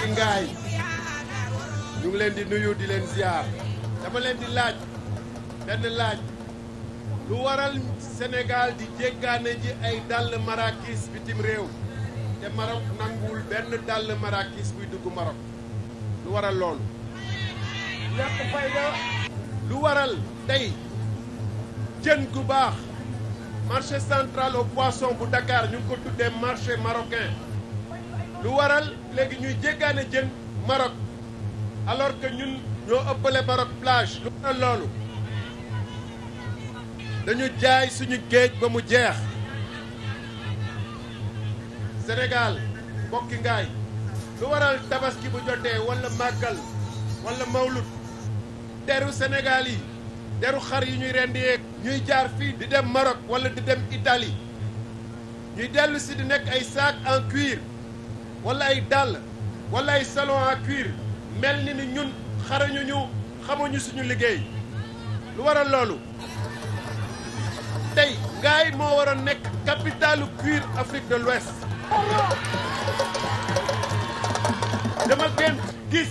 ci ngaay ngi leen di nuyu di leen ziar dama leen di laaj benn laaj lu waral Sénégal di jéggaane ji ay dàll marakis bitim réew te Maroc nanguwul benn dàll marakis buy dugg Maroc lu waral loolu lu waral tey jën gu baax marché central au poisson bu Dakar ñu ngi ko tuddee marché marocain lu waral léegi ñuy jéggaane jën Maroc alors que ñun ñoo ëppale Maroc plage lu waral dañu jaay suñu géej ba mu jeex Sénégal bokki ngaay lu waral tabaski bu jotee wala màggal wala mawlut deru Sénégal yi deru xar yi ñuy rendiyee ñuy jaar fii di dem Maroc wala di dem itali ñuy dellu si di nekk ay sac en cuir wala ay dàll wala ay salon à cuir mel ni ni ñun xarañu ñu xamuñu suñu liggéey lu waral loolu tey ngaay moo war a nekk capitalu cuir Afrique de l'Ouest dama gën gis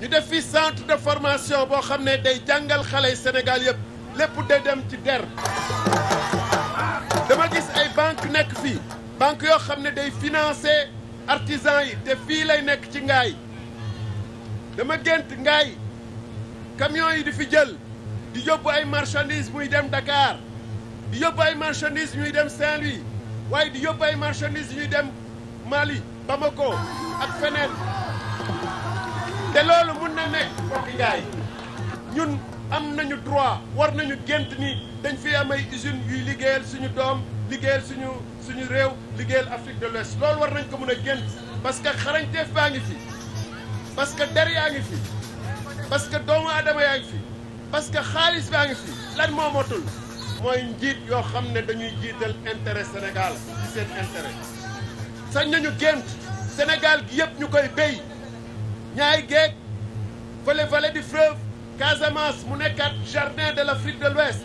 ñu def fi centre de formation boo xam ne day jàngal xale yi Sénégal yëpp lépp de dem ci der dama gis ay banque nekk fii banque yoo xam ne day financer artisan yi te fii lay nekk ci ngaay dama gént ngaay camion yi di fi jël di yóbbu ay marchandise muy dem Dakar di yóbbu ay marchandise ñuy dem Saint-Louis waaye di yóbbu ay marchandise ñuy dem Mali Bamako ak feneen te loolu mun na nekk mbokki ngaay ñun am nañu droit war nañu gént ni dañ fi am ay usine yuy liggéeyal suñu doom liggéeyal suñu suñu réew liggéeyal Afrique de l'Ouest loolu war nañ ko mën a génn parce que xarañteef baa ngi fi parce que der yaa ngi fi parce que doomu aadama yaa ngi fi parce que xaalis baa ngi fi lan moo mooy njiit yoo xam ne dañuy jiital intérêt Sénégal ci seen intérêt sañ nañu gént Sénégal gi yëpp ñu koy béy ñaay geeg vallée vallée du fleuve Casamance mu nekkaat jardin de l'Afrique de l'Ouest